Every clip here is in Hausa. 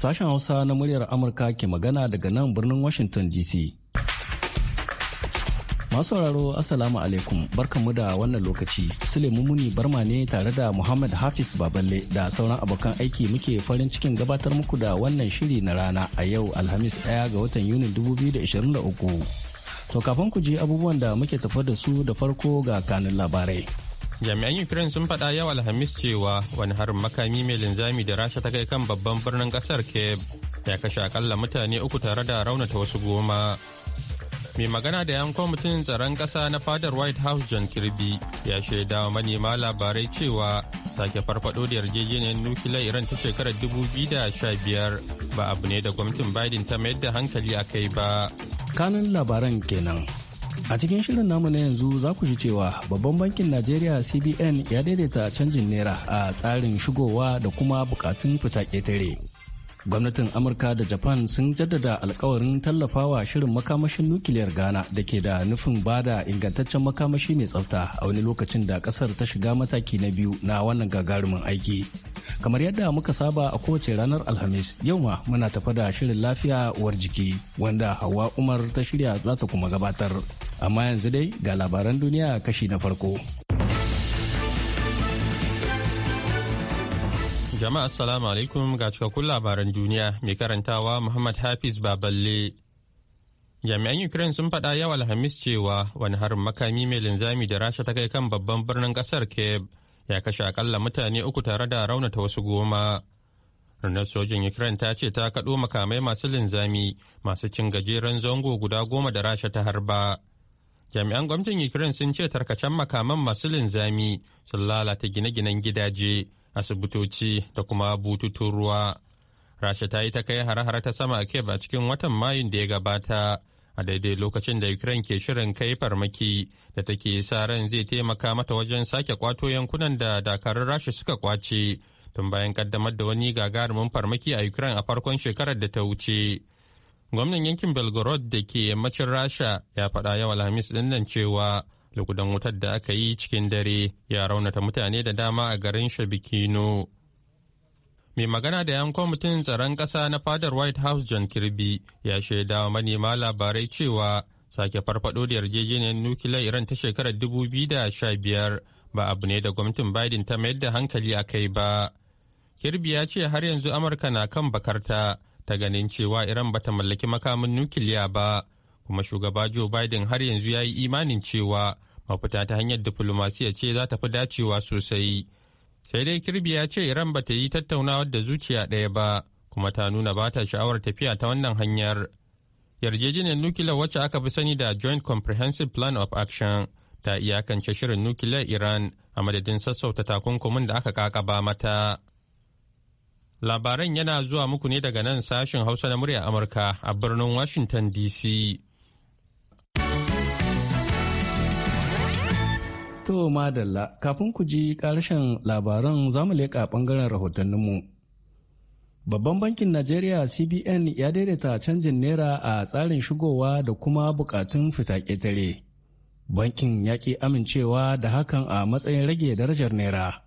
Sashen Hausa na muryar Amurka ke magana daga nan birnin Washington DC. Masu sauraro Assalamu alaikum barkanmu da wannan lokaci. Suleiman Muni Barma ne tare da Muhammad Hafiz Baballe da sauran abokan aiki muke farin cikin gabatar muku da wannan shiri na rana a yau Alhamis 1 ga watan Yuni 2023. To kafin ku ji abubuwan da muke tafa da su da farko ga kanun labarai. jami'an ukraine sun faɗa yau alhamis cewa wani harin makami mai linzami da rasha ta kai kan babban birnin ƙasar kiev ya kashe akalla mutane uku tare da raunata wasu goma mai magana da yan kwamitin tsaron ƙasa na fadar white house john kirby ya shaida wa manema labarai cewa sake farfado da yarjejeniyar nukiliyar iran ta shekarar 2015 ba abu ne da gwamnatin biden ta mayar da hankali a kai ba kanun labaran kenan A cikin shirin namu na yanzu za ku ji cewa babban bankin Najeriya CBN ya daidaita canjin naira a tsarin shigowa da kuma bukatun fita ƙetare. gwamnatin amurka da japan sun jaddada alkawarin tallafawa shirin makamashin nukiliyar ghana da ke da nufin bada ingantaccen makamashi mai tsafta a wani lokacin da kasar ta shiga mataki na biyu na wannan gagarumin aiki kamar yadda muka saba a kowace ranar alhamis yau ma muna tafa da shirin lafiya uwar jiki wanda hawa umar ta shirya za ta kuma gabatar amma yanzu dai ga labaran duniya kashi na farko Jama'a assalamu alaikum ga cikakkun labaran duniya mai karantawa Muhammad Hafiz Baballe. Jami'an Ukraine sun faɗa yau Alhamis cewa wani harin makami mai linzami da Rasha ta kai kan babban birnin ƙasar Kiev ya kashe akalla mutane uku tare da raunata wasu goma. Rundunar sojin Ukraine ta ce ta kaɗo makamai masu linzami masu cin gajeren zango guda goma da Rasha ta harba. Jami'an gwamnatin Ukraine sun ce tarkacen makaman masu linzami sun lalata gine-ginen gidaje. asibitoci da kuma bututun ruwa rasha ta yi ta kai hare-hare ta sama a kiev a cikin watan mayun da ya gabata a daidai lokacin da ukraine ke shirin kai farmaki da take sa ran zai taimaka mata wajen sake kwato yankunan da dakarun rasha suka kwace tun bayan kaddamar da wani gagarumin farmaki a ukraine a farkon shekarar da ta wuce gwamnan yankin belgorod da ke yammacin rasha ya faɗa yawa alhamis ɗin nan cewa lugudan wutar da aka yi cikin dare ya raunata mutane da dama a garin shabikino mai magana da yan kwamitin tsaron ƙasa na fadar white house john kirby ya shaida wa manema labarai cewa sake farfado da yarjejeniyar nukiliyar iran ta shekarar 2015 ba abu ne da gwamnatin biden ta mayar da hankali a kai ba kirby ya ce har yanzu amurka na kan bakarta ta ganin cewa iran ta mallaki makamin nukiliya ba kuma shugaba Joe Biden har yanzu ya yi imanin cewa mafita ta hanyar diflomasiya ce za ta fi dacewa sosai. Sai dai Kirby ya ce Iran ba ta yi tattaunawar da zuciya ɗaya ba, kuma ta nuna ba ta sha'awar tafiya ta wannan hanyar. Yarjejeniyar nukila wacce aka fi sani da Joint Comprehensive Plan of Action ta iyakance shirin nukiliyar Iran a madadin sassauta takunkumin da aka kakaba mata. Labaran yana zuwa muku ne daga nan sashen Hausa na murya Amurka a birnin Washington DC. To madalla kafin ku ji karshen labaran zamu leƙa ɓangaren rahotanninmu. Babban bankin Najeriya CBN ya daidaita canjin naira a tsarin shigowa da kuma bukatun fita ƙetare. Bankin ya ƙi amincewa da hakan a matsayin rage darajar naira.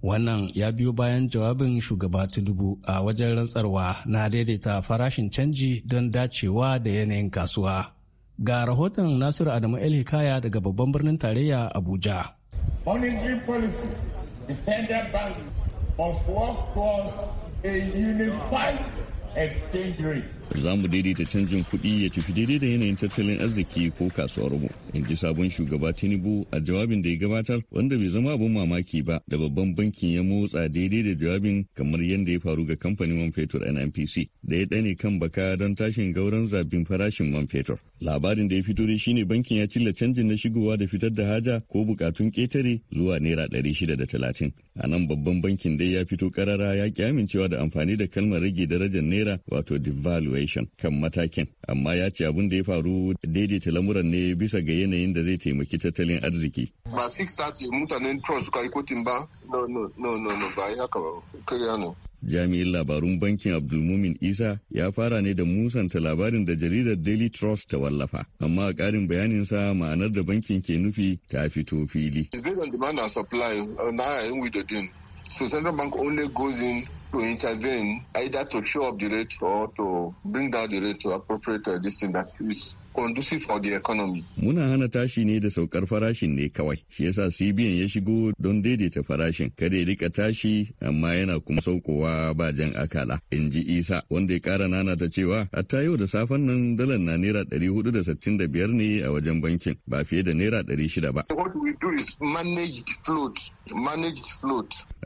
Wannan ya biyo bayan jawabin shugaba Tinubu a wajen rantsarwa na daidaita farashin canji don dacewa da yanayin kasuwa. Ga rahoton Nasiru Adamu El Hikaya daga babban birnin tarayya Abuja. Monetary policy the bank of work a unified exchange rate za mu daidaita canjin kuɗi ya tafi daidai da yanayin tattalin arziki ko kasuwar mu. in ji sabon shugaba tinubu a jawabin da ya gabatar wanda bai zama abin mamaki ba da babban bankin ya motsa daidai da jawabin kamar yadda ya faru ga kamfanin man fetur nnpc da ya ɗane kan baka don tashin gauran zabin farashin man fetur labarin da ya fito da shine bankin ya cilla canjin na shigowa da fitar da haja ko bukatun ketare zuwa naira ɗari shida da talatin a nan babban bankin dai ya fito karara ya ƙi amincewa da amfani da kalmar rage darajar naira wato devalue Evaluation kan matakin, amma ya ce abin da ya faru daidaita lamuran ne bisa ga yanayin da zai taimaki tattalin arziki. Ba six thirty mutanen trust suka yi kotun ba? No, no, no, ba ya kaba, kariya ne. jami'in labarun bankin abdulmumin isa ya fara ne da musanta labarin da jaridar daily trust ta wallafa amma a ƙarin bayaninsa ma'anar da bankin ke nufi ta fito fili so central bank only goes in to intervene either to show up the rate or to bring down the rate to appropriate uh, this thing that is conducive for the economy. Muna hana tashi ne da saukar farashin ne kawai. Shi yasa CBN ya shigo don daidaita farashin. Kada ya rika tashi amma yana kuma saukowa ba jan akala. In ji Isa wanda ya kara nana ta cewa hatta yau da safen nan dalar na naira ɗari hudu da sittin da biyar ne a wajen bankin ba fiye da naira ɗari shida ba. What we do is manage float, manage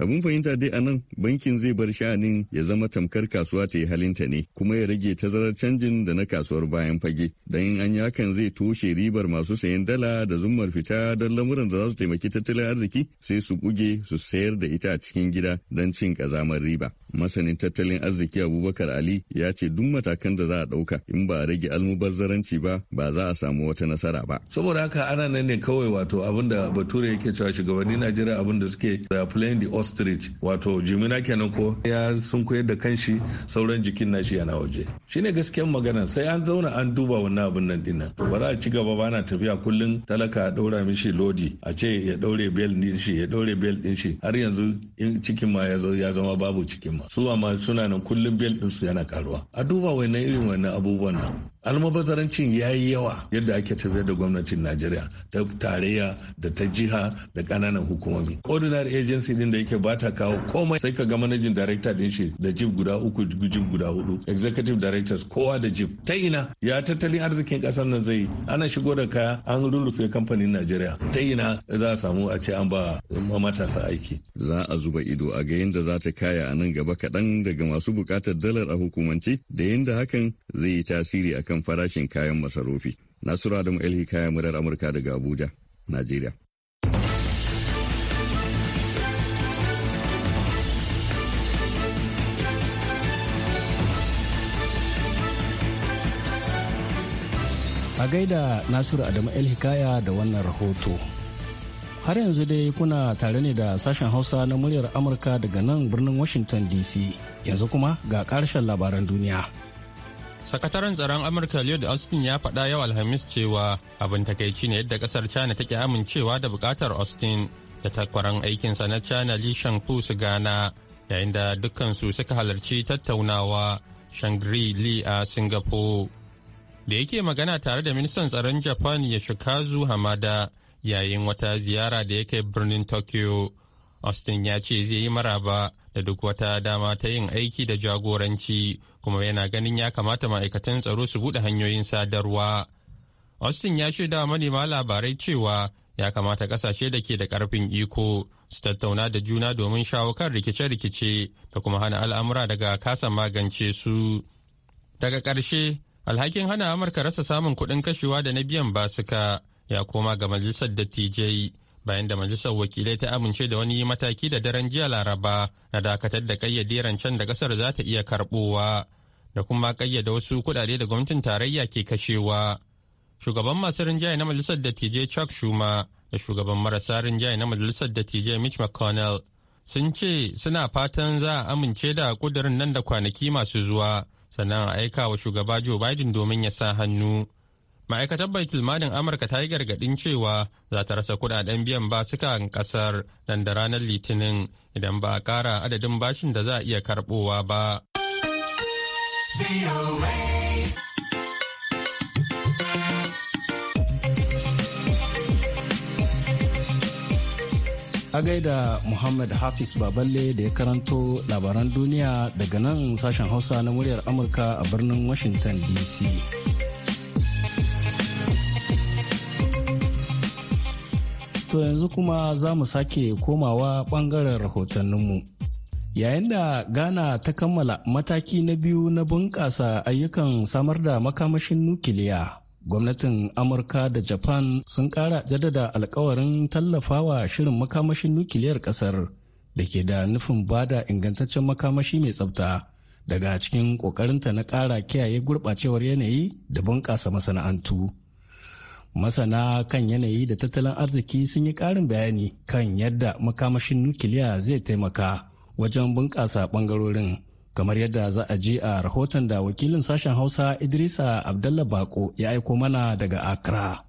abin fahimta dai a nan bankin zai bar sha'anin ya zama tamkar kasuwa ta yi halinta ne kuma ya rage tazarar canjin da na kasuwar bayan fage don yin an yi zai toshe ribar masu sayen dala da zummar fita don lamuran da za su taimaki tattalin arziki sai su buge su sayar da ita a cikin gida don cin kazamar riba masanin tattalin arziki abubakar ali ya ce duk matakan da za a ɗauka in ba a rage almubazzaranci ba ba za a samu wata nasara ba saboda haka ana nan ne kawai wato abinda da bature yake cewa shugabanni najeriya abin da suke playing the street. wato jimina kenan ko ya sun koyar da kanshi sauran jikin nashi yana waje shine gaskiyan magana sai an zauna an duba wannan abin nan dinnan ba za a ci gaba ba na tafiya kullum talaka a ɗaura mishi lodi a ce ya daure bel din shi ya daure bel din shi har yanzu in cikin ma ya zama babu cikin ma su ma suna nan kullum bel din su yana karuwa a duba wannan irin wannan abubuwan nan almubazarancin ya yi yawa yadda ake tafiyar da gwamnatin najeriya ta tarayya da ta jiha da kananan hukumomi ordinary agency din da yake ba ta kawo komai sai ka ga managing director din shi da jib guda uku jib guda hudu executive directors kowa da jib ta ina ya tattalin arzikin ƙasar nan zai ana shigo da kaya an rurrufe kamfanin najeriya ta ina za a samu a ce an ba matasa aiki za a zuba ido a ga yadda za ta kaya a nan gaba kaɗan daga masu buƙatar dalar a hukumance da yadda hakan zai yi tasiri akan kan farashin kayan masarufi. Nasiru Adamu Elhi kayan murar Amurka daga Abuja, Najeriya. A gaida Nasiru Adamu El Hikaya da wannan rahoto. Har yanzu dai kuna tare ne da sashen Hausa na muryar Amurka daga nan birnin Washington DC. Yanzu kuma ga ƙarshen labaran duniya. sakataren tsaron amurka lloyd austin ya faɗa yau alhamis cewa abin takaici ne yadda ƙasar china take amincewa da buƙatar austin da takwaran aikinsa na china li shangfu su gana yayin da dukkansu suka halarci tattaunawa shangri li a singapore da yake magana tare da ministan tsaron japan ya shikazu hamada yayin wata ziyara da yake birnin tokyo austin ya ce zai yi maraba da duk wata dama ta yin aiki da jagoranci kuma yana ganin ya kamata ma'aikatan tsaro su buɗe hanyoyin sadarwa. Austin ya shaida manema labarai cewa ya kamata ƙasashe da ke da karfin iko su tattauna da juna domin shawo kan rikice-rikice da kuma hana al'amura daga kasa magance su. Daga ƙarshe, alhakin hana Amurka rasa samun kuɗin kashewa da na biyan basuka ya koma ga majalisar dattijai. bayan da majalisar wakilai ta amince da wani mataki da daren jiya laraba na dakatar da kayyade can da kasar za ta iya karbowa da kuma ƙayyada wasu kuɗaɗe da gwamnatin tarayya ke kashewa shugaban masu rinjaye na majalisar dattijai chuck schumer da shugaban marasa rinjaye na majalisar dattijai mitch mcconnell sun ce suna fatan za a amince da kudurin nan da kwanaki masu zuwa sannan a aika wa shugaba joe biden domin ya sa hannu ma'aikatar bai madin amurka ta yi gargadin cewa za ta rasa kudaden biyan basukan kasar nan da ranar litinin idan ba a kara adadin bashin da za a iya karbowa ba a gaida Muhammad Hafiz Baballe da ya karanto labaran duniya daga nan sashen Hausa na muryar Amurka a birnin Washington DC. To yanzu kuma za mu sake komawa ɓangaren rahotanninmu. Yayin da Ghana ta kammala mataki na biyu na bunƙasa ayyukan samar da makamashin nukiliya. Gwamnatin Amurka da Japan sun ƙara jaddada alkawarin tallafawa shirin makamashin nukiliyar ƙasar da ke da nufin bada ingantaccen makamashi mai tsafta. daga cikin ƙoƙarinta na ƙara kiyaye gurɓacewar yanayi da bunƙasa masana'antu. masana kan yanayi da tattalin arziki sun yi ƙarin bayani kan yadda makamashin nukiliya zai taimaka wajen bunƙasa ɓangarorin kamar yadda za a ji a rahoton da wakilin sashen hausa idrisa abdalla bako ya aiko mana daga accra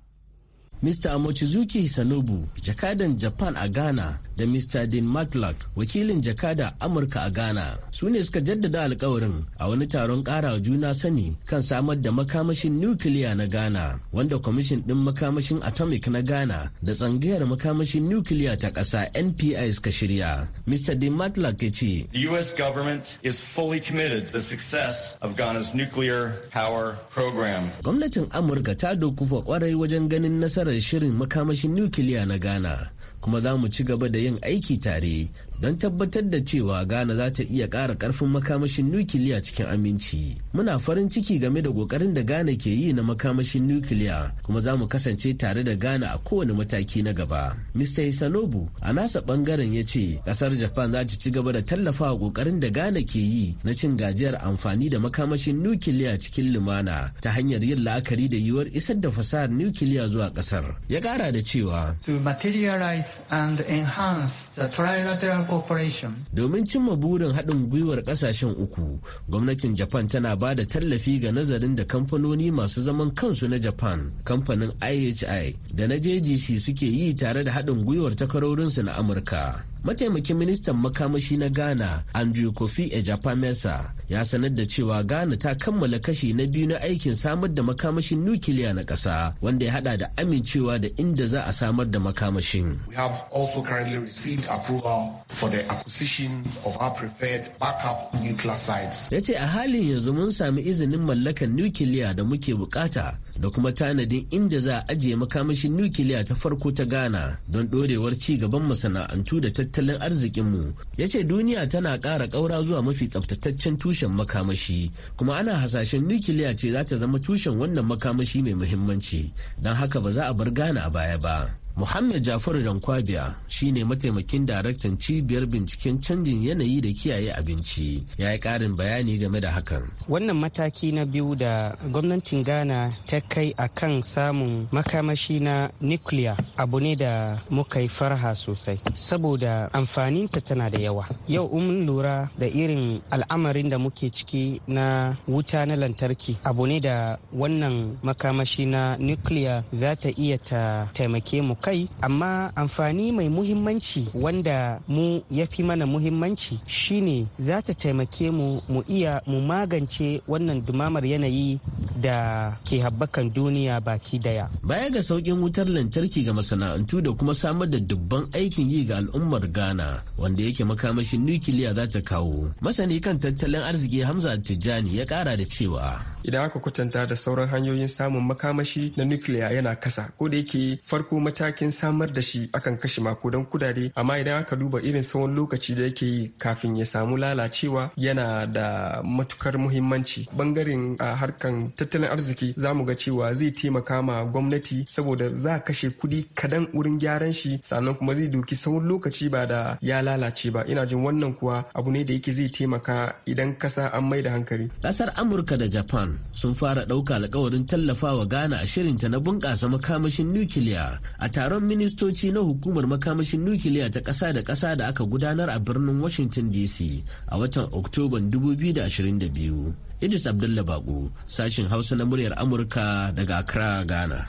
Mr. Amochizuki Sanobu, jakadan Japan a Ghana, da Mr. Dean Matlock, wakilin jakada Amurka a Ghana. Su ne suka jaddada alkawarin a wani taron ƙara juna sani kan samar da makamashin nukiliya na Ghana, wanda kwamishin ɗin makamashin atomic na Ghana da tsangayar makamashin nukiliya ta ƙasa NPI suka shirya. Mr. Dean Matlock ya ce, The U.S. government is fully committed to the success of Ghana's nuclear power program. Gwamnatin Amurka ta dokufa kwarai wajen ganin nasarar shirin makamashin nukiliya na Ghana. kuma za mu ci gaba da yin aiki tare don tabbatar da cewa Ghana za ta iya ƙara ƙarfin makamashin nukiliya cikin aminci. Muna farin ciki game da ƙoƙarin da Ghana ke yi na makamashin nukiliya kuma za mu kasance tare da Ghana a kowane mataki na gaba. Mr. Hisanobu a nasa ɓangaren ya ce ƙasar Japan za ta ci gaba da tallafawa ƙoƙarin da Ghana ke yi na cin gajiyar amfani da makamashin nukiliya cikin lumana ta hanyar yin la'akari da yiwuwar isar da fasahar nukiliya zuwa ƙasar. Ya kara da cewa. To materialize and enhance the trilateral Corporation. Domin cimma burin haɗin gwiwar ƙasashen uku, gwamnatin Japan tana ba da tallafi ga nazarin da kamfanoni masu zaman kansu na Japan, kamfanin IHI da na JGC suke yi tare da haɗin gwiwar takarorinsu na Amurka. mataimakin ministan makamashi na ghana andrew kofi ejapamesa ya sanar da cewa ghana ta kammala kashi na biyu na aikin samar da makamashin nukiliya na ƙasa wanda ya hada da amincewa da inda za a samar da makamashin we have also currently received approval for the acquisition of our preferred backup nuclear sites ya ce a halin yanzu mun sami izinin mallakar nukiliya da muke bukata da kuma tanadin inda za a ajiye makamashin nukiliya ta farko ta ghana don dorewar ci gaban masana'antu da tattalin arzikinmu ya ce duniya tana ƙara ƙaura zuwa mafi tsabtataccen tushen makamashi kuma ana hasashen nukiliya ce za ta zama tushen wannan makamashi mai muhimmanci don haka ba za a bar ghana a baya ba Muhammad Jafaru Dankwabiya shine mataimakin daraktan cibiyar binciken canjin yanayi da kiyaye abinci ya yi ƙarin bayani game da hakan. Wannan mataki na biyu da gwamnatin Ghana ta kai a kan samun makamashi na nukiliya abu ne da muka yi farha sosai saboda amfaninta tana da yawa. Yau mun lura da irin al'amarin da muke ciki na wuta na lantarki abu ne da wannan makamashi na nukiliya za ta iya ta taimake mu kai amma amfani mai muhimmanci wanda mu ya fi mana muhimmanci shine za ta taimake mu mu iya mu magance wannan dumamar yanayi da ke habbakan duniya baki daya. Baya ga saukin wutar lantarki ga masana'antu da kuma samar da dubban aikin yi ga al'ummar Ghana wanda yake makamashin nukiliya za ta kawo. Masani kan tattalin arziki Hamza Tijjani ya kara da cewa. Idan aka kwatanta da sauran hanyoyin samun makamashi na nukiliya yana kasa ko da yake farko mataki matakin samar da shi akan kashe makudan kudade amma idan aka duba irin tsawon lokaci da yake yi kafin ya samu lalacewa yana da matukar muhimmanci bangaren a harkan tattalin arziki za mu ga cewa zai taimaka ma gwamnati saboda za a kashe kudi kadan wurin gyaran shi sannan kuma zai doki tsawon lokaci ba da ya lalace ba ina jin wannan kuwa abu ne da yake zai taimaka idan kasa an mai da hankali kasar amurka da japan sun fara ɗauka alkawarin tallafawa ghana a shirinta na bunƙasa makamashin nukiliya a taron ministoci na hukumar makamashin nukiliya ta ƙasa da ƙasa da aka gudanar a birnin Washington DC a watan Oktoba 2022. Idris Abdullah Bako, sashin Hausa na muryar Amurka daga Accra, Ghana.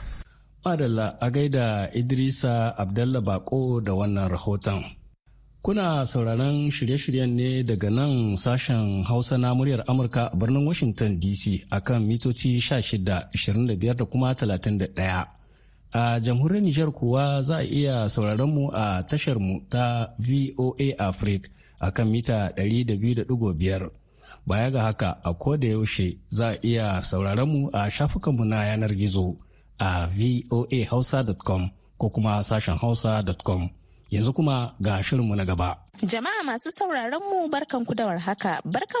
Madalla a gaida Idrisa Abdullah Bako da wannan rahoton. Kuna sauraron shirye-shiryen ne daga nan sashen Hausa na muryar Amurka a birnin Washington DC akan mitoci 16, 25 da kuma 31. A jamhuriyar Nijar kuwa za a iya sauraron mu a tashar mu ta VOA Africa a kan mita 200.5. Baya ga haka a koda yaushe za a iya sauraron mu a shafukanmu na yanar gizo a voahausa.com ko kuma sashen hausa.com. Yanzu kuma ga shirinmu na gaba. Jama'a masu sauraron mu ku da warhaka,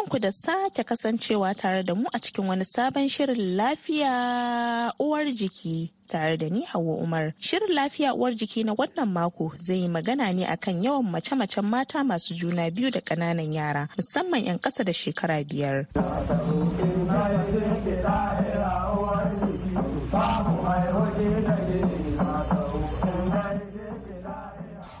ku da sake kasancewa tare da mu a cikin wani sabon shirin lafiya uwar jiki. tare da ni Hauwa Umar. Shirin lafiya uwar jiki na wannan mako zai yi magana ne akan yawan mace-macen mata masu juna biyu da ƙananan yara musamman 'yan ƙasa da shekara biyar.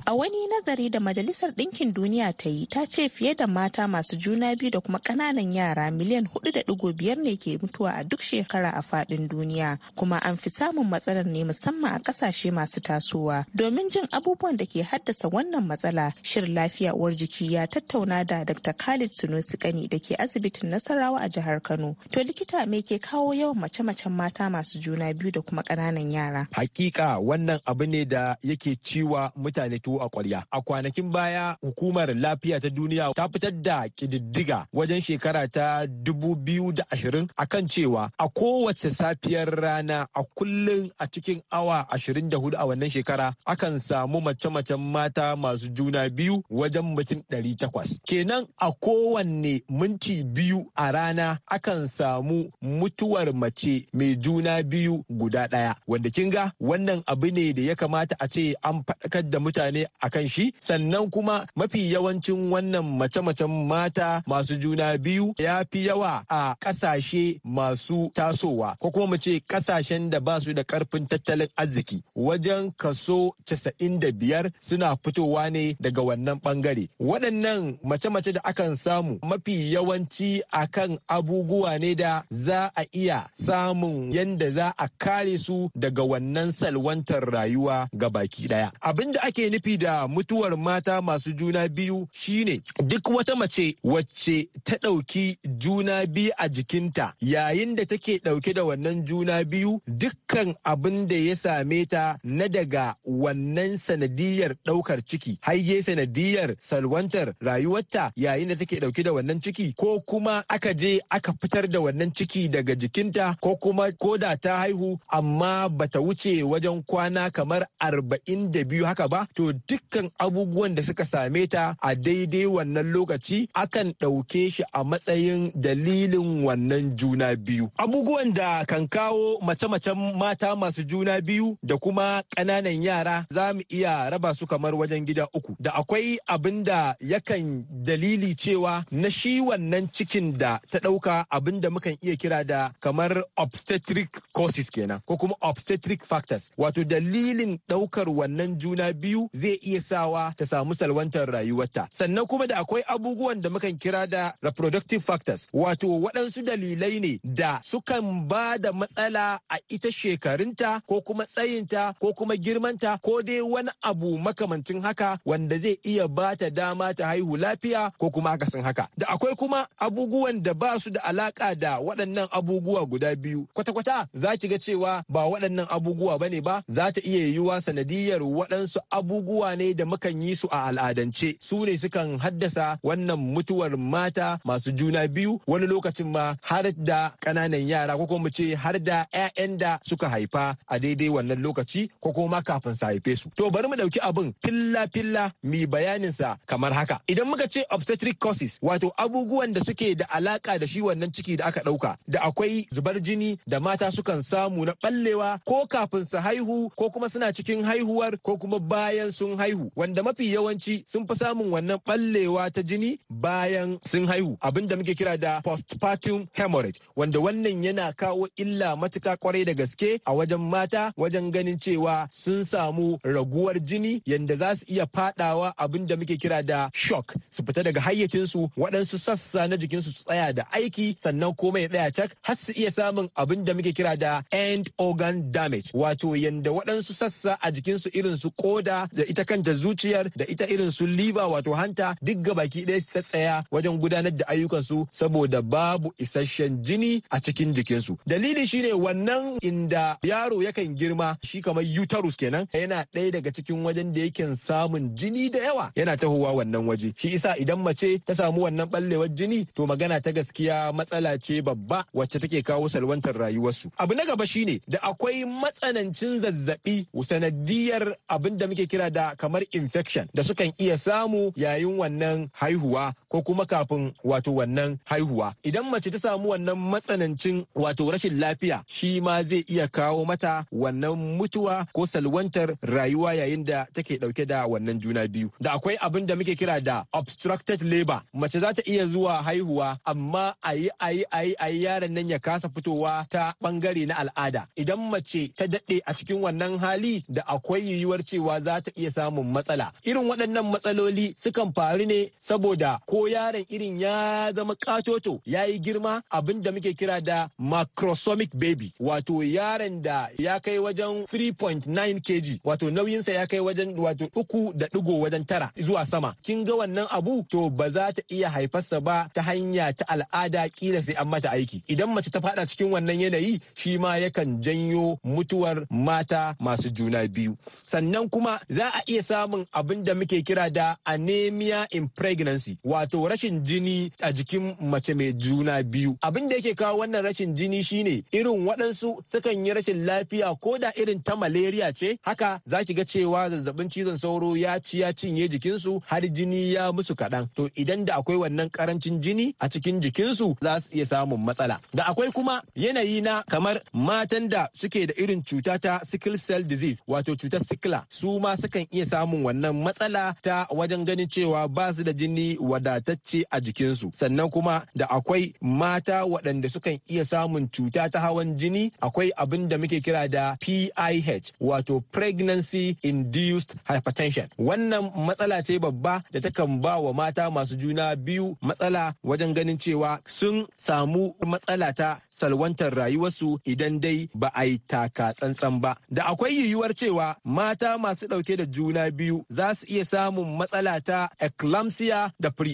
A wani nazari da Majalisar Ɗinkin Duniya ta yi ta ce fiye da mata masu juna biyu da kuma ƙananan yara miliyan 4.5 ne ke mutuwa a duk shekara a faɗin duniya kuma an fi samun matsalar ne musamman a ƙasashe masu tasowa. Domin jin abubuwan da ke haddasa wannan matsala, shir lafiya uwar jiki ya tattauna da Dr. Khalid Sunusi Kani da ke asibitin Nasarawa a jihar Kano. To likita me ke kawo yawan mace-macen mata masu juna biyu da kuma ƙananan yara? Hakika wannan abu ne da yake ciwa mutane su a kwarya. A kwanakin baya hukumar lafiya ta duniya ta fitar da kididdiga wajen shekara ta dubu biyu da ashirin akan cewa a kowace safiyar rana a kullum a cikin awa ashirin da hudu a wannan shekara akan samu mace-macen mata masu juna biyu wajen mutum ɗari takwas. Kenan a kowanne minti biyu a rana akan samu mutuwar mace mai juna biyu guda ɗaya. Wanda kin ga wannan abu ne da ya kamata a ce an faɗakar da mutane ne a kan shi sannan kuma mafi yawancin wannan mace-macen mata masu juna biyu ya fi yawa a kasashe masu tasowa ko kuma mu ce kasashen da ba su da ƙarfin tattalin arziki wajen kaso 95 suna fitowa ne daga wannan ɓangare waɗannan mace-mace da akan samu mafi yawanci akan abubuwa ne da za a iya samun yadda za a kare su daga wannan salwantar rayuwa ga baki ɗaya abin da ake nufi nufi da mutuwar mata masu juna biyu shine duk wata mace wacce ta ɗauki juna biyu a jikinta yayin da take ɗauke da wannan juna biyu dukkan abin da ya same ta na daga wannan sanadiyar ɗaukar ciki haige sanadiyar salwantar rayuwarta yayin da take ɗauke da wannan ciki ko kuma aka je aka fitar da wannan ciki daga jikinta ko kuma ko da ta haihu amma bata wuce wajen kwana kamar arba'in da biyu haka ba to dukkan abubuwan da suka same ta a daidai wannan lokaci akan ɗauke shi a matsayin dalilin wannan juna biyu. Abubuwan da kan kawo mace-macen mata masu juna biyu da kuma ƙananan yara za mu iya raba su kamar wajen gida uku. Da akwai abin da yakan dalili cewa na shi wannan cikin da ta ɗauka abin da mukan iya kira da kamar obstetric causes kenan ko kuma obstetric factors wato dalilin ɗaukar wannan juna biyu zai zai iya sawa ta samu salwantar rayuwarta sannan kuma da akwai abubuwan da mukan kira da reproductive factors wato waɗansu dalilai ne da sukan ba da matsala a ita shekarunta ko kuma tsayinta ko kuma girmanta ko dai wani abu makamancin haka wanda zai iya ba ta dama ta haihu lafiya ko kuma akasin haka da akwai kuma abubuwan da ba su da alaka da waɗannan abubuwa guda biyu kwata-kwata za ki ga cewa ba waɗannan abubuwa ba ne ba za ta iya yiwuwa sanadiyar waɗansu abubuwa abubuwa ne da mukan yi su a al'adance su ne sukan haddasa wannan mutuwar mata masu juna biyu wani lokacin ma har da ƙananan yara ko kuma ce har da 'ya'yan da suka haifa a daidai wannan lokaci ko kuma kafin su haife su to bari mu ɗauki abin filla filla mi bayanin sa kamar haka idan muka ce obstetric causes wato abubuwan da suke da alaka da shi wannan ciki da aka ɗauka da akwai zubar jini da mata sukan samu na ɓallewa ko kafin su haihu ko kuma suna cikin haihuwar ko kuma bayan sun sun haihu wanda mafi yawanci sun fi samun wannan ɓallewa ta jini bayan sun haihu abin da muke kira da postpartum hemorrhage wanda wannan yana kawo illa matuka kwarai da gaske a wajen mata wajen ganin cewa sun samu raguwar jini yanda za su iya fadawa abin da muke kira da shock su fita daga hayyacinsu waɗansu sassa na jikinsu su tsaya da aiki sannan kuma ya tsaya cak har su iya samun abin da muke kira da end organ damage wato yanda waɗansu sassa a jikinsu irin su koda da ita kanta zuciyar da ita irin su liver wato hanta duk ga baki ɗaya su tsaya wajen gudanar da ayyukan su saboda babu isasshen jini a cikin jikin su. dalili shine wannan inda yaro yakan girma shi kamar uterus kenan yana ɗaya daga cikin wajen da yake samun jini da yawa yana tahowa wannan waje shi isa idan mace ta samu wannan ɓallewar jini to magana ta gaskiya matsala ce babba wacce take kawo salwantar rayuwarsu abu na gaba shine da akwai matsanancin zazzabi sanadiyar abin da muke kira da da kamar infection da sukan iya samu yayin wannan haihuwa ko kuma kafin wato wannan haihuwa idan mace ta samu wannan matsanancin wato rashin lafiya shi ma zai iya kawo mata wannan mutuwa ko salwantar rayuwa yayin da take dauke da wannan juna biyu da akwai abin da muke kira da obstructed labor mace za ta iya zuwa haihuwa amma ayi ayi ayi ayi yaron nan ya kasa fitowa ta bangare na al'ada idan mace ta dade a cikin wannan hali da akwai yiwuwar cewa za ta iya samun matsala irin waɗannan matsaloli sukan faru ne saboda ko yaron irin ya zama katoto ya yi girma abin da muke kira da macrosomic baby wato yaron da ya kai wajen 3.9 kg wato nauyinsa ya kai wajen wato uku da ɗigo wajen tara zuwa sama kin ga wannan abu to ba za ta iya haifarsa ba ta hanya ta al'ada kila sai an mata aiki idan mace ta faɗa cikin wannan yanayi shi ma yakan janyo mutuwar mata masu juna biyu sannan kuma za a a iya samun abin da muke kira da anemia in pregnancy wato rashin jini a jikin mace mai juna biyu abin da yake kawo wannan rashin jini shine irin waɗansu sukan yi rashin lafiya ko da irin ta malaria ce haka za ki ga cewa zazzabin cizon sauro ya ci ya cinye jikinsu har jini ya musu kaɗan to idan da akwai wannan karancin jini a cikin jikinsu za su iya samun matsala da akwai kuma yanayi na kamar matan da suke da irin cuta ta sickle cell disease wato cutar sikila su ma sukan iya samun wannan matsala ta wajen ganin cewa ba su da jini wadatacce a jikinsu sannan kuma da akwai mata waɗanda sukan iya samun cuta ta hawan jini akwai abin da muke kira da PIH wato pregnancy induced hypertension wannan matsala ce babba da takan ba wa mata masu juna biyu matsala wajen ganin cewa sun samu matsala ta salwantar rayuwarsu idan dai ba a yi taka tsantsan ba. Da akwai yiwuwar cewa mata masu ɗauke da juna biyu za su iya samun matsala ta eclampsia da pre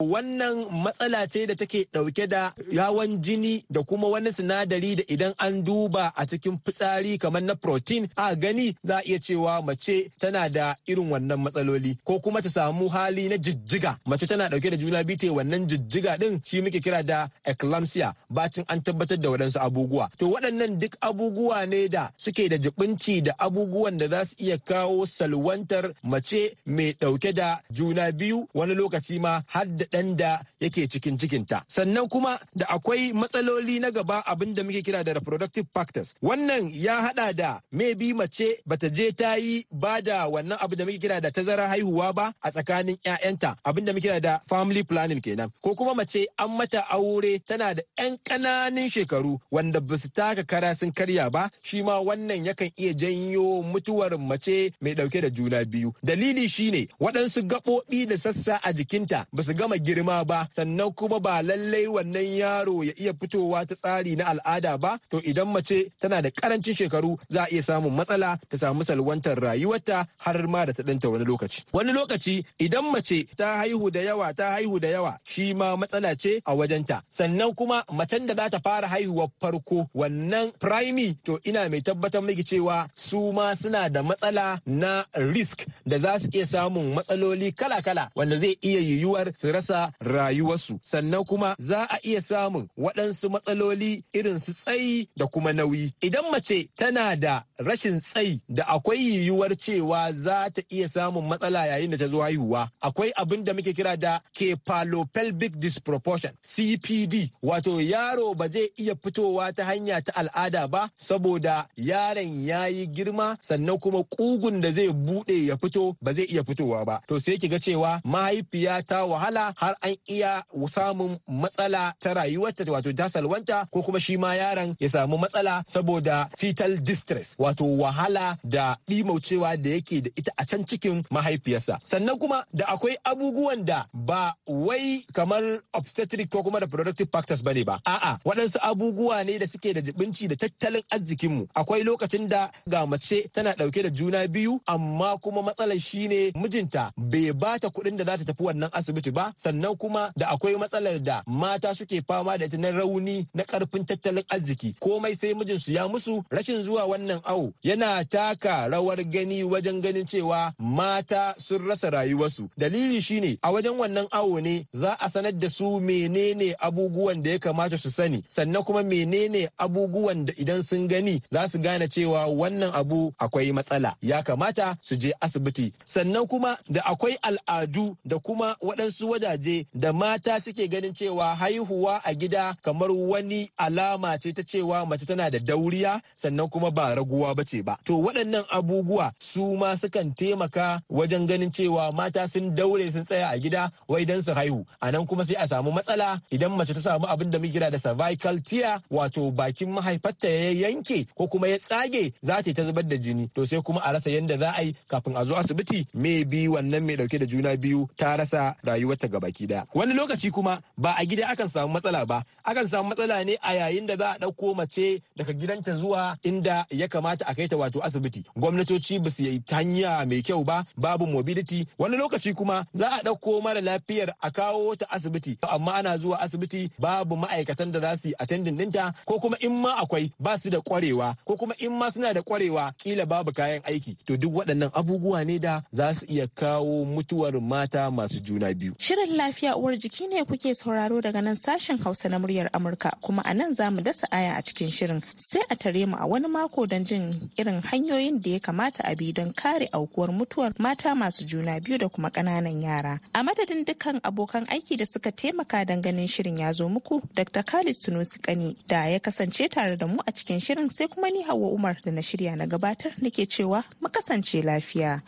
Wannan matsala ce da take ɗauke da yawan jini da kuma wani sinadari da idan an duba a cikin fitsari kamar na protein a gani za a iya cewa mace tana da irin wannan matsaloli ko kuma ta samu hali na jijjiga mace tana ɗauke da juna biyu ta wannan jijjiga din shi muke kira da eclampsia bacin an tabbatar da waɗansu abubuwa to waɗannan duk abubuwa ne da suke da jibinci da abubuwan da za su iya kawo salwantar mace mai ɗauke da juna biyu wani lokaci ma har da ɗan da yake cikin cikinta sannan kuma da akwai matsaloli na gaba abin da muke kira da reproductive factors wannan ya haɗa da maybe mace bata je ta yi ba da wannan abu da muke kira da tazara haihuwa ba a tsakanin 'ya'yanta abin da muke kira da family planning kenan ko kuma mace an mata aure tana da 'yan kana ƙananun shekaru wanda ba su taka kara sun karya ba shi ma wannan yakan iya janyo mutuwar mace mai ɗauke da juna biyu dalili shine waɗansu gaɓoɓi da sassa a jikinta ba su gama girma ba sannan kuma ba lallai wannan yaro ya iya fitowa ta tsari na al'ada ba to idan mace tana da karancin shekaru za a iya samun matsala ta samu salwantar rayuwarta har ma da ta ɗanta wani lokaci wani lokaci idan mace ta haihu da yawa ta haihu da yawa shi ma matsala ce a wajenta sannan kuma macen da za ta fara haihuwar farko wannan primi to ina mai tabbatar miki cewa su ma suna da matsala na risk da za su iya samun matsaloli kala-kala wanda zai iya yiwuwar su rasa rayuwarsu sannan kuma za a iya samun waɗansu matsaloli irin su tsayi da kuma nauyi idan mace tana da rashin tsayi da akwai yiwuwar cewa za ta iya samun matsala yayin da ta zo haihuwa akwai abin da muke kira da kepalopelvic disproportion cpd wato yaro ba zai iya fitowa ta hanya ta al'ada ba saboda yaron ya yi girma sannan kuma kugun da zai bude ya fito ba zai iya fitowa ba to sai ki ga cewa mahaifiya ta wahala har an iya samun matsala ta rayuwarta wato ta salwanta ko kuma shi ma yaron ya samu matsala saboda fetal distress wato wahala da ɗimaucewa da yake da ita a can cikin mahaifiyarsa sannan kuma da akwai abubuwan da ba wai kamar obstetric ko kuma reproductive factors bane ba a'a waɗansu abubuwa ne da suke da jibinci da tattalin arzikinmu akwai lokacin da ga mace tana ɗauke da juna biyu amma kuma matsalar shi ne mijinta bai ba ta kuɗin da za ta tafi wannan asibiti ba sannan kuma da akwai matsalar da mata suke fama da ita na rauni na ƙarfin tattalin arziki komai sai mijinsu ya musu rashin zuwa wannan awo yana taka rawar gani wajen ganin cewa mata sun rasa rayuwarsu dalili shine a wajen wannan awo ne za a sanar da su menene abubuwan da ya kamata su sani sannan kuma menene abubuwan da idan sun gani za su gane cewa wannan abu akwai matsala ya kamata su je asibiti sannan kuma da akwai al'adu da kuma waɗansu wajaje da mata suke ganin cewa haihuwa a gida kamar wani alama ce ta cewa mace tana da dauriya sannan kuma ba raguwa ba ce ba to waɗannan abubuwa su ma sukan taimaka wajen ganin cewa mata sun daure sun tsaya a gida wai don su haihu a nan kuma sai a samu matsala idan mace ta samu abin da mu muke da cervical wato bakin mahaifarta ya yanke ko kuma ya tsage za ta ta zubar da jini to sai kuma a rasa yadda za a yi kafin a zo asibiti me bi wannan mai dauke da juna biyu ta rasa rayuwarta ga baki daya wani lokaci kuma ba a gida akan samu matsala ba akan samu matsala ne a yayin da za a dauko mace daga gidanta zuwa inda ya kamata a kai ta wato asibiti gwamnatoci ba su yi hanya mai kyau ba babu mobility wani lokaci kuma za a dauko mara lafiyar a kawo ta asibiti amma ana zuwa asibiti babu ma'aikatan da za su su attending ɗinta ko kuma in ma akwai ba su da kwarewa ko kuma in ma suna da kwarewa kila babu kayan aiki to duk waɗannan abubuwa ne da za su iya kawo mutuwar mata masu juna biyu. Shirin lafiya uwar jiki ne kuke sauraro daga nan sashen Hausa na muryar Amurka kuma a nan za mu dasa aya a cikin shirin sai a tare mu a wani mako don jin irin hanyoyin da ya kamata a bi don kare aukuwar mutuwar mata masu juna biyu da kuma ƙananan yara. A madadin dukkan abokan aiki da suka taimaka don ganin shirin ya zo muku Dr. Khalid Sunusi Kani da ya kasance tare da mu a cikin shirin sai kuma ni hawa Umar da na shirya na gabatar nake cewa mu kasance lafiya.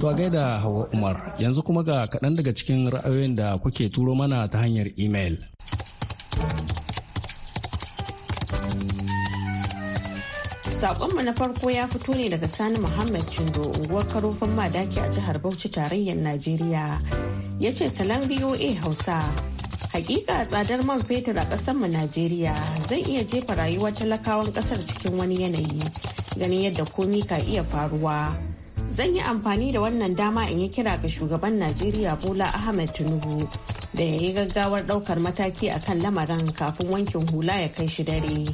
To gaida hawa Umar yanzu kuma ga kaɗan daga cikin ra'ayoyin da kuke turo mana ta hanyar imel. Sakonmu na farko ya fito ne daga Sani Muhammad Chindo unguwar karofin madaki a jihar Bauchi tarayyar Najeriya. Ya ce salon VOA Hausa. Hakika tsadar man fetur a ƙasarmu Najeriya zai iya jefa rayuwar talakawan ƙasar cikin wani yanayi ganin yadda komi ka iya faruwa. Zan yi amfani da wannan dama in yi kira ga shugaban Najeriya Bola Ahmed Tinubu da ya yi gaggawar ɗaukar mataki akan lamarin kafin wankin hula ya kai shi dare.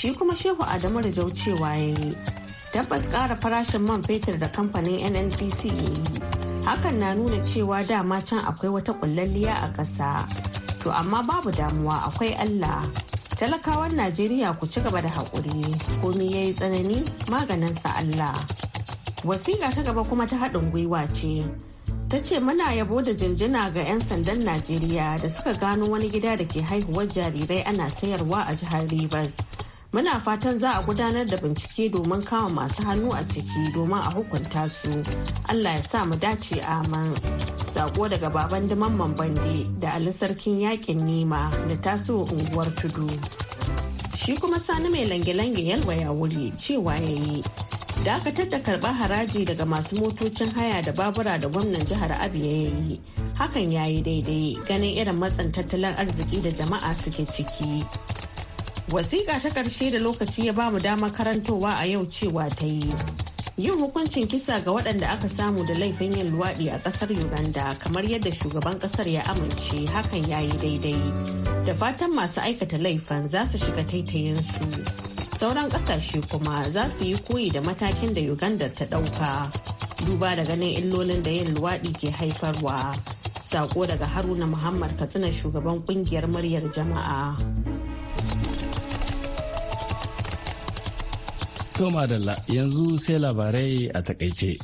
shi kuma shehu adamu da cewa ya yi tabbas kara farashin man fetur da kamfanin nnpc ya yi hakan na nuna cewa dama can akwai wata kullalliya a ƙasa to amma babu damuwa akwai allah talakawan najeriya ku ci gaba da haƙuri komi ya yi tsanani maganinsa allah wasiƙa ta gaba kuma ta haɗin gwiwa ce ta ce muna yabo da jinjina ga 'yan sandan najeriya da suka gano wani gida da ke haihuwar jarirai ana sayarwa a jihar rivers muna fatan za a gudanar da bincike domin kama masu hannu a ciki domin a hukunta su allah ya sa mu dace aman sako daga baban dimamman bande da ali sarkin yakin nema da taso unguwar tudu shi kuma sani mai lange-lange yalwa ya wuri cewa ya yi dakatar da karɓar haraji daga masu motocin haya da babura da gwamnan jihar Abia ya yi hakan ya yi daidai ganin irin matsan tattalin arziki da jama'a suke ciki Wasiƙa ta ƙarshe da lokaci ya bamu dama karantowa a yau cewa ta yi. Yin hukuncin kisa ga waɗanda aka samu da laifin yin luwaɗi a ƙasar Uganda kamar yadda shugaban ƙasar ya amince hakan ya yi daidai. Da fatan masu aikata laifin za su shiga su. Sauran ƙasashe kuma za su yi koyi da matakin da Uganda ta ɗauka. Duba da ganin illolin da yin luwaɗi ke haifarwa. Sako daga Haruna Muhammad Katsina shugaban ƙungiyar muryar jama'a. To Madalla yanzu sai labarai a takaice.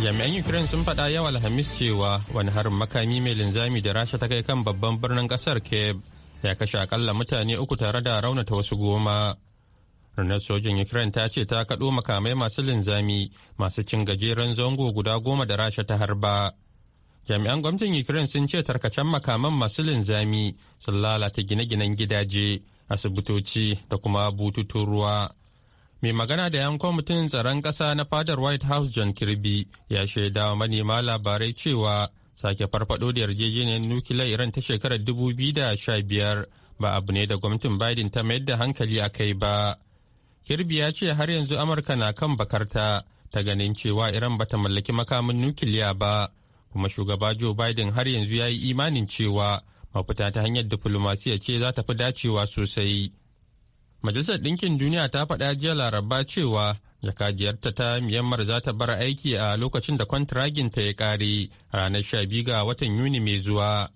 jami'an ukraine sun faɗa yawa alhamis cewa wani harin makami mai linzami da rasha ta kai kan babban birnin ƙasar kiev ya kashe akalla mutane uku tare da raunata wasu goma rundunar sojin ukraine ta ce ta kaɗo makamai masu linzami masu cin gajeren zango guda goma da rasha ta harba jami'an gwamnatin ukraine sun ce tarkacen makaman masu linzami sun lalata gine-ginen gidaje asibitoci da kuma bututun ruwa mai magana da yan kwamitin tsaron ƙasa na fadar white house john kirby ya shaida wa manema labarai cewa sake farfado da yarjejeniyar nukiliyar iran ta shekarar 2015 ba abu ne da gwamnatin biden ta mayar da hankali a kai ba kirby ya ce har yanzu amurka na kan bakarta ta ganin cewa iran bata mallaki makamin nukiliya ba kuma shugaba joe biden har yanzu ya yi imanin cewa mafita ta hanyar diflomasiya ce za ta fi dacewa sosai majalisar ɗinkin duniya ta faɗa jiya laraba cewa jakajiyarta ta myanmar za ta bar aiki a lokacin da kwantiraginta ya ƙare ranar 12 ga watan yuni mai zuwa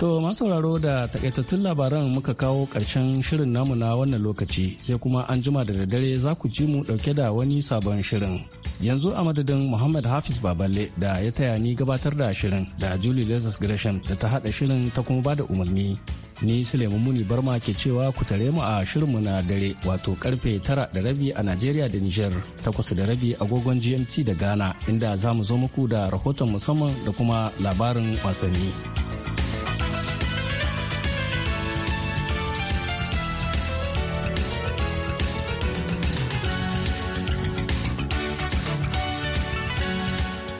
To masauraro da takaitattun labaran muka kawo ƙarshen shirin namu na wannan lokaci sai kuma an jima da daddare za ku ji mu ɗauke da wani sabon shirin. Yanzu a madadin Muhammad Hafiz Baballe da ya taya ni gabatar da shirin da Julie Lazarus Gresham da ta haɗa shirin ta kuma bada umarni. Ni Suleiman Muni Barma ke cewa ku tare mu a shirinmu na dare wato karfe tara da rabi a Najeriya da Nijar takwas da rabi agogon GMT da Ghana inda za mu zo muku da rahoton musamman da kuma labarin wasanni.